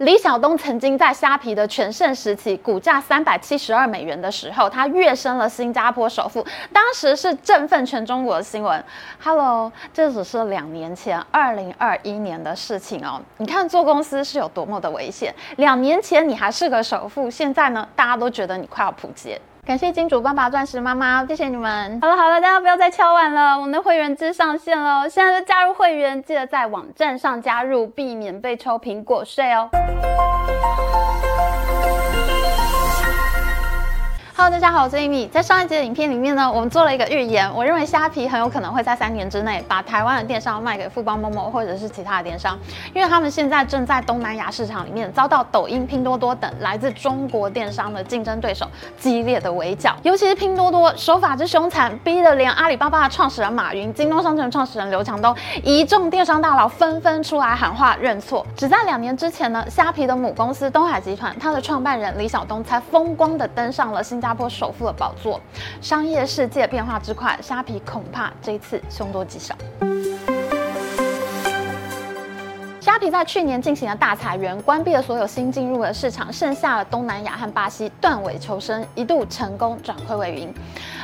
李小冬曾經在蝦皮的全盛時期，股價三百七十二美元的時候，他躍升了新加坡首富，當時是振奮全中國的新聞。Hello，這只是兩年前，二零二一年的事情哦。你看做公司是有多麼的危險。兩年前你還是個首富，現在呢，大家都覺得你快要仆街。感謝金主爸爸、鑽石媽媽，謝謝你們。好了好了，大家不要再敲碗了，我們的會員制上線了，現在就加入會員，記得在網站上加入，避免被抽蘋果稅哦、喔。哈嘍，大家好，我是 Emmy。在上一集的影片裡面呢，我們做了一個預言。我認為蝦皮很有可能會在三年之內把台灣的電商賣給富邦 MOMO 或者是其他的電商，因為他們現在正在東南亞市場裡面遭到抖音、拼多多等來自中國電商的競爭對手激烈的圍剿。尤其是拼多多手法之兇殘，逼得連阿里巴巴的創始人馬雲、京東商城創始人創始人劉強東一眾電商大佬紛紛出來喊話認錯。只在兩年之前呢，蝦皮的母公司冬海集團，它的創辦人李小冬才風光地登上了新的新加坡首富的寶座，商業世界變化之快，蝦皮恐怕這一次凶多吉少。蝦皮在去年進行了大裁員，關閉了所有新進入的市場，剩下了東南亞和巴西，斷尾求生，一度成功轉虧為盈。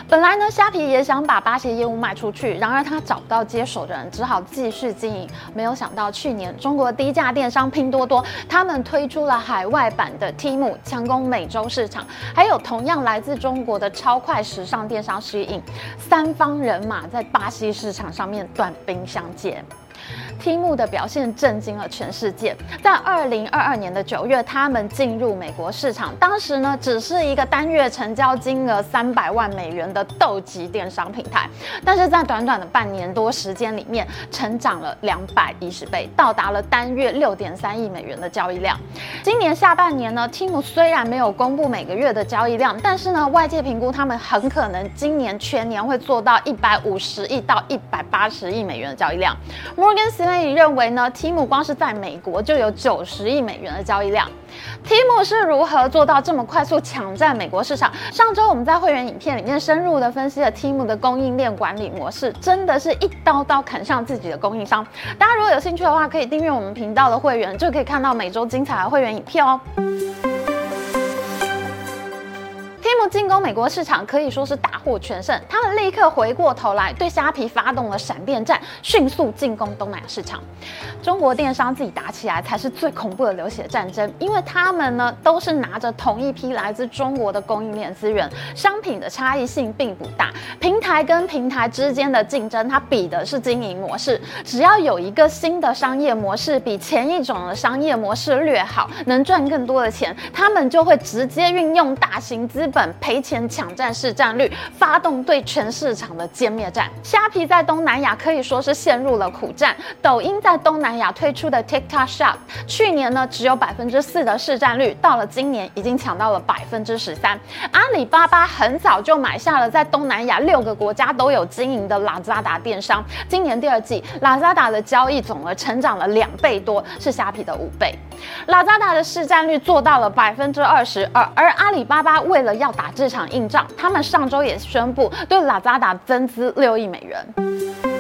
本來呢，蝦皮也想把巴西的業務賣出去，然而他找不到接手的人，只好繼續經營。沒有想到去年，中國低價電商拼多多，他們推出了海外版的 TEMU，強攻美洲市場，還有同樣來自中國的超快時尚電商 SHEIN，三方人馬在巴西市場上面短兵相接。TEMU 的表現震驚了全世界。在二零二二年的九月，他們進入美國市場，當時呢，只是一個單月成交金額三百萬美元的斗級電商平台。但是在短短的半年多時間裡面，成長了兩百一十倍，到達了單月六點三億美元的交易量。今年下半年呢，TEMU 雖然沒有公布每個月的交易量，但是呢，外界評估他們很可能今年全年會做到一百五十億到一百八十億美元的交易量。摩根現在你認為呢？TEMU 光是在美國就有九十億美元的交易量，TEMU 是如何做到這麼快速搶佔美國市場？上週我們在會員影片裡面深入地分析了 TEMU 的供應鏈管理模式，真的是一刀刀砍向自己的供應商。大家如果有興趣的話，可以訂閱我們頻道的會員，就可以看到每週精彩的會員影片哦。進攻美國市場可以說是大獲全勝，他們立刻回過頭來對蝦皮發動了閃電戰，迅速進攻東南亞市場。中國電商自己打起來才是最恐怖的流血戰爭，因為他們呢都是拿着同一批來自中國的供應鏈資源，商品的差異性並不大，平台跟平台之間的競爭，它比的是經營模式。只要有一個新的商業模式比前一種的商業模式略好，能賺更多的錢，他們就會直接運用大型資本。賠錢搶佔市占率，發動對全市場的殲滅戰。蝦皮在東南亞可以說是陷入了苦戰。抖音在東南亞推出的 TikTok Shop，去年呢只有百分之四的市占率，到了今年已經搶到了百分之十三。阿里巴巴很早就買下了在東南亞六個國家都有經營的 Lazada 電商，今年第二季 Lazada 的交易總額成長了兩倍多，是蝦皮的五倍。Lazada 的市占率做到了百分之二十二，而阿里巴巴為了要打這場硬仗，他們上周也宣布對拉扎達增資六億美元。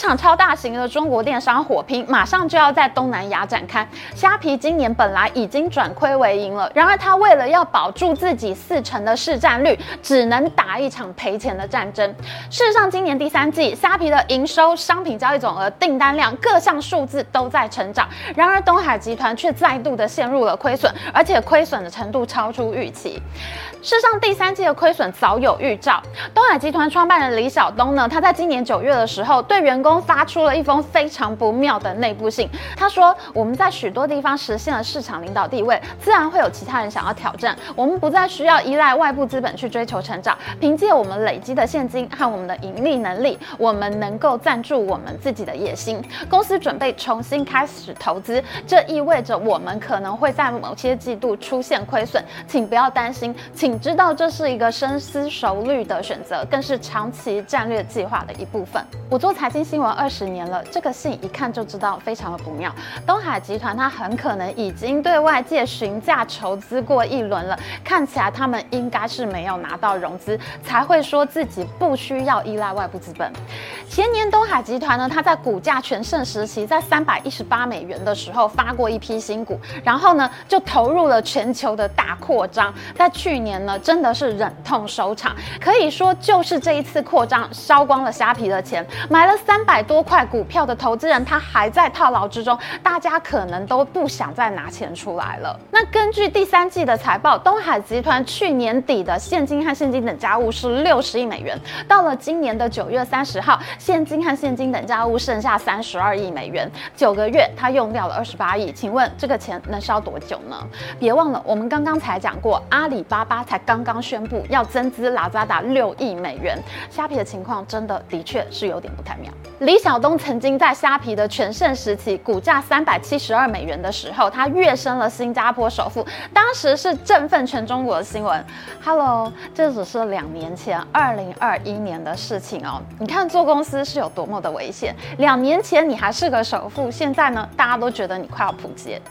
一場超大型的中國電商火拼馬上就要在東南亞展開。蝦皮今年本來已經轉虧為盈了，然而他為了要保住自己四成的市占率，只能打一場賠錢的戰爭。事實上，今年第三季蝦皮的營收、商品交易總額、訂單量各項數字都在成長，然而冬海集團卻再度的陷入了虧損，而且虧損的程度超出預期。事實上，第三季的虧損早有預兆。冬海集團創辦人李小冬呢，他在今年九月的時候對員工。發出了一封非常不妙的內部信。他說：“我們在許多地方實現了市場領導地位，自然會有其他人想要挑戰。我們不再需要依賴外部資本去追求成長，憑借我們累積的現金和我們的盈利能力，我們能夠贊助我們自己的野心。公司準備重新開始投資，這意味着我們可能會在某些季度出現虧損，請不要擔心，請知道這是一個深思熟慮的選擇，更是長期戰略計劃的一部分。”我做財經新聞。二十年了，這個信一看就知道非常的不妙。冬海集團它很可能已經對外界詢價籌資過一輪了，看起來他們應該是沒有拿到融資，才會說自己不需要依賴外部資本。前年冬海集團呢，它在股價全盛時期，在三百一十八美元的時候發過一批新股，然後呢就投入了全球的大擴張。在去年呢，真的是忍痛收場，可以說就是這一次擴張燒光了蝦皮的錢，買了三。三百多塊股票的投資人，他還在套牢之中，大家可能都不想再拿錢出來了。那根據第三季的財報，東海集團去年底的現金和現金等價物是六十億美元，到了今年的九月三十號，現金和現金等價物剩下三十二億美元，九個月他用掉了二十八億。請問這個錢能燒多久呢？別忘了，我們剛剛才講過，阿里巴巴才剛剛宣佈要增資拉扎達六億美元，蝦皮的情況真的的確是有點不太妙。李小冬曾經在蝦皮的全盛時期，股價三百七十二美元的時候，他躍升了新加坡首富，當時是振奮全中國的新聞。Hello，這只是兩年前，二零二一年的事情哦。你看做公司是有多麼的危險。兩年前你還是個首富，現在呢，大家都覺得你快要仆街。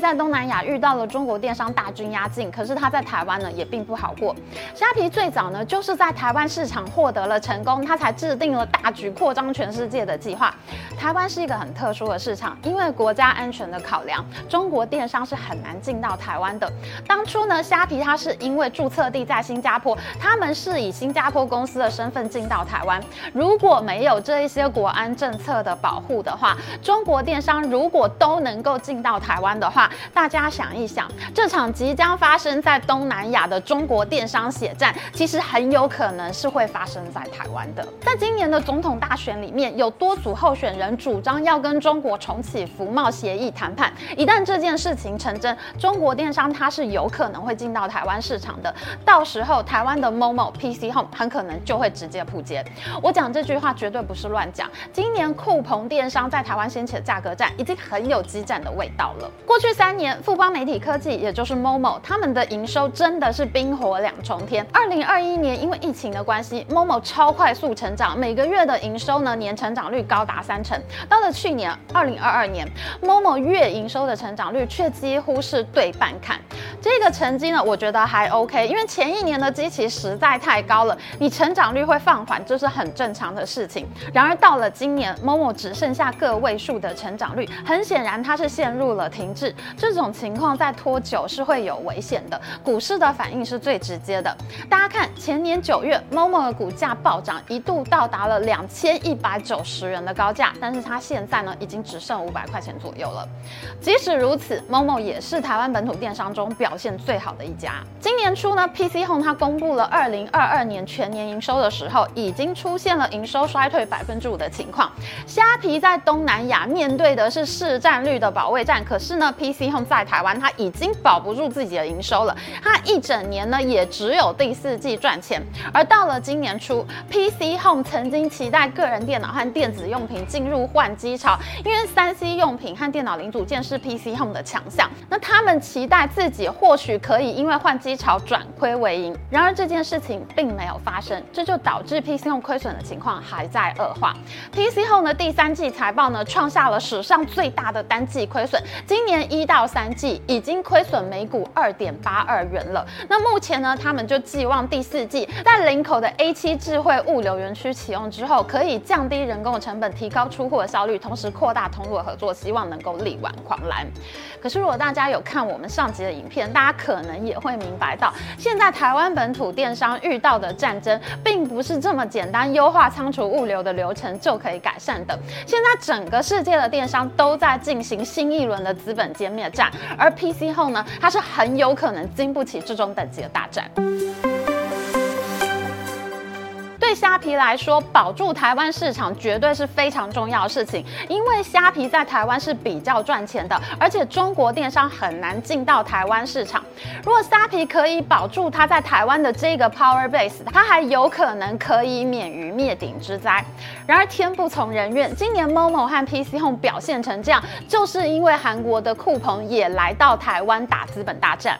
在東南亞遇到了中國電商大軍壓境，可是他在台灣呢也並不好過。蝦皮最早呢就是在台灣市場獲得了成功，他才制定了大舉擴張全世界的計劃。台灣是一個很特殊的市場，因為國家安全的考量，中國電商是很難進到台灣的。當初呢，蝦皮它是因為注冊地在新加坡，他們是以新加坡公司的身份進到台灣。如果沒有這一些國安政策的保護的話，中國電商如果都能夠進到台灣的話，大家想一想，這場即將發生在東南亞的中國電商血戰，其實很有可能是會發生在台灣的。在今年的總統大選裡面，有多組候選人主張要跟中國重啟服貿協議談判。一旦這件事情成真，中國電商它是有可能會進到台灣市場的。到時候，台灣的 Momo PC Home 很可能就會直接撲街。我講這句話絕對不是亂講。今年酷澎電商在台灣掀起的價格戰，已經很有激戰的味道了。過去，三年，富邦媒體科技，也就是 Momo，他們的營收真的是冰火兩重天。二零二一年，因為疫情的關係，Momo 超快速成長，每個月的營收呢，年成長率高達三成。到了去年二零二二年，Momo 月營收的成長率卻幾乎是對半砍。這個成績呢，我覺得還 OK，因為前一年的基期實在太高了，你成長率會放緩，這、就是很正常的事情。然而到了今年，Momo 只剩下個位數的成長率，很顯然它是陷入了停滯。這種情況再拖久是會有危險的。股市的反應是最直接的。大家看，前年九月，MOMO 的股價暴漲，一度到達了兩千一百九十元的高價，但是它現在呢，已經只剩五百塊錢左右了。即使如此，MOMO 也是台灣本土電商中表現最好的一家。今年初呢，PC Home 它公布了二零二二年全年營收的時候，已經出現了營收衰退百分之五的情況。蝦皮在東南亞面對的是市占率的保衛戰，可是呢，PC Home 在台灣，它已經保不住自己的營收了。它一整年呢，也只有第四季賺錢。而到了今年初，PC Home 曾經期待個人電腦和電子用品進入換機潮，因為 3C 用品和電腦零組件是 PC Home 的強項。那他們期待自己或許可以因為換機潮轉虧為盈。然而這件事情並沒有發生，這就導致 PC Home 虧損的情況還在惡化。PC Home 的第三季財報呢，創下了史上最大的單季虧損。今年。一到三季已經虧損每股二點八二元了。那目前呢，他們就寄望第四季，在林口的 A 七智慧物流園區啟用之後，可以降低人工的成本，提高出貨的效率，同時擴大通路的合作，希望能夠力挽狂瀾。可是，如果大家有看我們上集的影片，大家可能也會明白到，現在臺灣本土電商遇到的戰爭，並不是這麼簡單，優化倉儲物流的流程就可以改善的。現在整個世界的電商都在進行新一輪的資本。殲滅戰，而 PChome 呢，它是很有可能經不起這種等級的大戰。對蝦皮來說，保住台灣市場絕對是非常重要的事情，因為蝦皮在台灣是比較賺錢的，而且中國電商很難進到台灣市場。如果蝦皮可以保住它在台灣的這個 power base，它還有可能可以免於滅頂之災。然而天不從人願，今年 momo 和 PC home 表現成這樣，就是因為韓國的酷澎也來到台灣打資本大戰。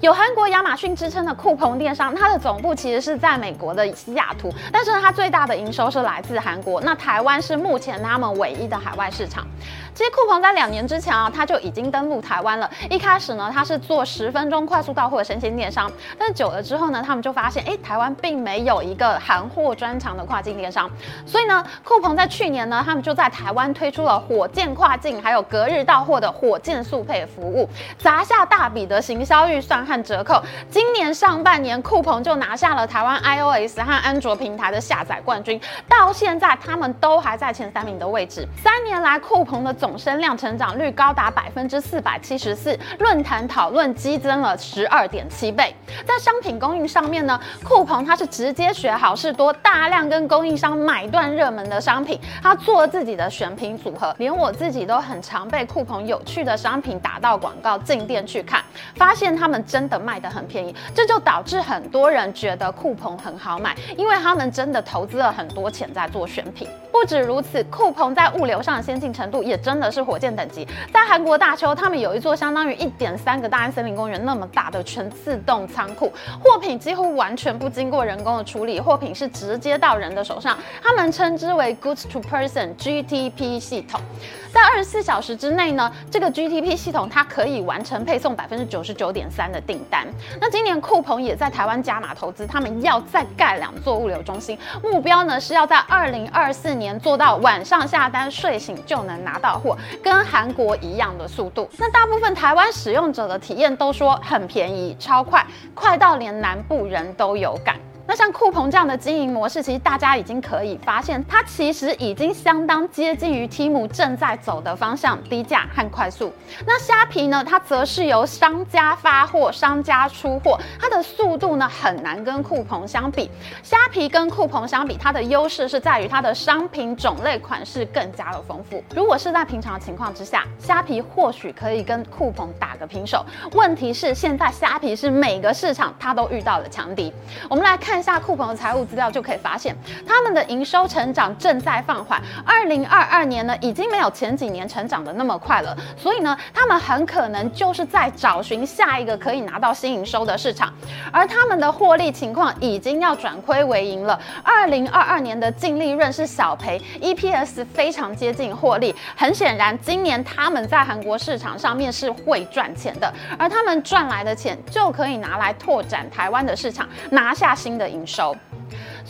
有韓國亞馬遜之稱的酷澎電商，它的總部其實是在美國的西雅圖，但是呢，它最大的營收是來自韓國。那台灣是目前他們唯一的海外市場。其實酷澎在兩年之前啊，它就已經登陸台灣了。一開始呢，它是做十分鐘快速到貨的生鮮電商，但是久了之後呢，他們就發現，哎，台灣並沒有一個韓貨專長的跨境電商。所以呢，酷澎在去年呢，他們就在台灣推出了火箭跨境，還有隔日到貨的火箭速配服務，砸下大筆的行銷預算。看折扣，今年上半年酷澎就拿下了台灣 iOS 和安卓平台的下載冠軍，到現在他們都還在前三名的位置。三年來酷澎的總聲量成長率高達百分之四百七十四，論壇討論激增了十二點七倍。在商品供應上面呢，酷澎他是直接學好事多，大量跟供應商買斷熱門的商品，他做自己的選品組合，連我自己都很常被酷澎有趣的商品打到廣告進店去看，發現他們真真的賣得很便宜，這就導致很多人覺得酷澎很好買，因為他們真的投資了很多錢在做選品。不止如此，酷澎在物流上的先進程度也真的是火箭等級。在韓國大邱，他們有一座相當於一點三個大安森林公園那麼大的全自動倉庫，貨品幾乎完全不經過人工的處理，貨品是直接到人的手上。他們稱之為 Goods to Person（GTP） 系統，在二十四小時之內呢，這個 GTP 系統它可以完成配送百分之九十九點三的。訂單。那今年酷澎也在台灣加碼投資，他們要再蓋兩座物流中心，目標呢是要在二零二四年做到晚上下單，睡醒就能拿到貨，跟韓國一樣的速度。那大部分台灣使用者的體驗都說很便宜、超快，快到連南部人都有感。那像酷澎這樣的經營模式，其實大家已經可以發現，它其實已經相當接近於 Temu 正在走的方向，低價和快速。那蝦皮呢？它則是由商家發貨，商家出貨，它的速度呢很難跟酷澎相比。蝦皮跟酷澎相比，它的優勢是在於它的商品種類款式更加的豐富。如果是在平常情況之下，蝦皮或許可以跟酷澎打個平手。問題是現在蝦皮是每個市場它都遇到了強敵，我們來看。下酷澎的財務資料就可以發現，他們的營收成長正在放緩。二零二二年呢，已經沒有前幾年成長的那麼快了。所以呢，他們很可能就是在找尋下一個可以拿到新營收的市場。而他們的獲利情況已經要轉虧為盈了。二零二二年的淨利潤是小賠，EPS 非常接近獲利。很顯然，今年他們在韓國市場上面是會賺錢的。而他們賺來的錢就可以拿來拓展台灣的市場，拿下新的。.營銷。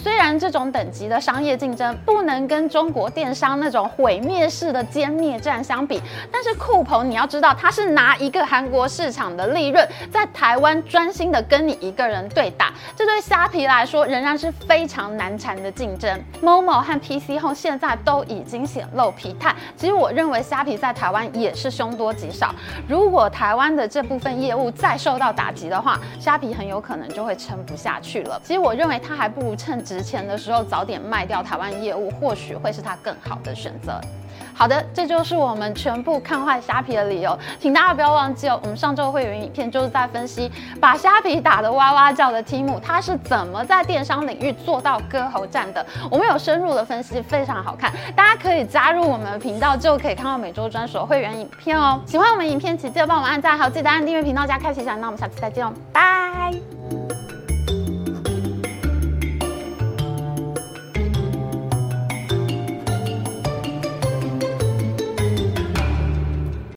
雖然這種等級的商業競爭不能跟中國電商那種毀滅式的殲滅戰相比，但是酷澎你要知道它是拿一個韓國市場的利潤在台灣專心的跟你一個人對打，這對蝦皮來說仍然是非常難纏的競爭。MOMO 和 PC Home 現在都已經顯露疲態，其實我認為蝦皮在台灣也是凶多吉少。如果台灣的這部分業務再受到打擊的話，蝦皮很有可能就會撐不下去了。其實我認為它還不如趁機值錢的時候早點賣掉台灣業務，或許會是他更好的選擇。好的，這就是我們全部看壞蝦皮的理由。請大家不要忘記哦，我們上周會員影片就是在分析把蝦皮打得哇哇叫的 TEMU，他是怎麼在電商領域做到割喉戰的。我們有深入的分析，非常好看。大家可以加入我們的頻道，就可以看到每周專屬的會員影片哦。喜歡我們影片，請記得幫我們按讚，還有記得按訂閱頻道加開啟小鈴鐺。那我們下次再見哦，拜。